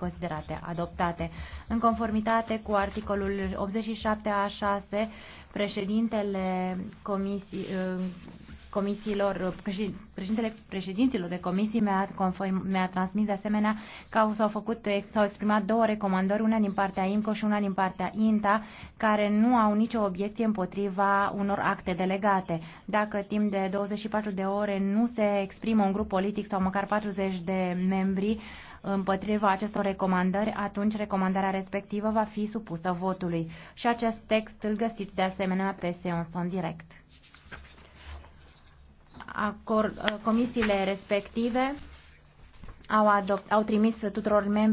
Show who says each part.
Speaker 1: considerate adoptate. În conformitate cu articolul 87 a 6, președintele Comisiei comisiilor, președintele președinților de comisii mi-a, conform, mi-a transmis de asemenea că s-au făcut, s-au exprimat două recomandări, una din partea IMCO și una din partea INTA, care nu au nicio obiecție împotriva unor acte delegate. Dacă timp de 24 de ore nu se exprimă un grup politic sau măcar 40 de membri, împotriva acestor recomandări, atunci recomandarea respectivă va fi supusă votului. Și acest text îl găsiți de asemenea pe Seonson Direct acord, uh, comisiile respective au, adopt, au trimis tuturor membrilor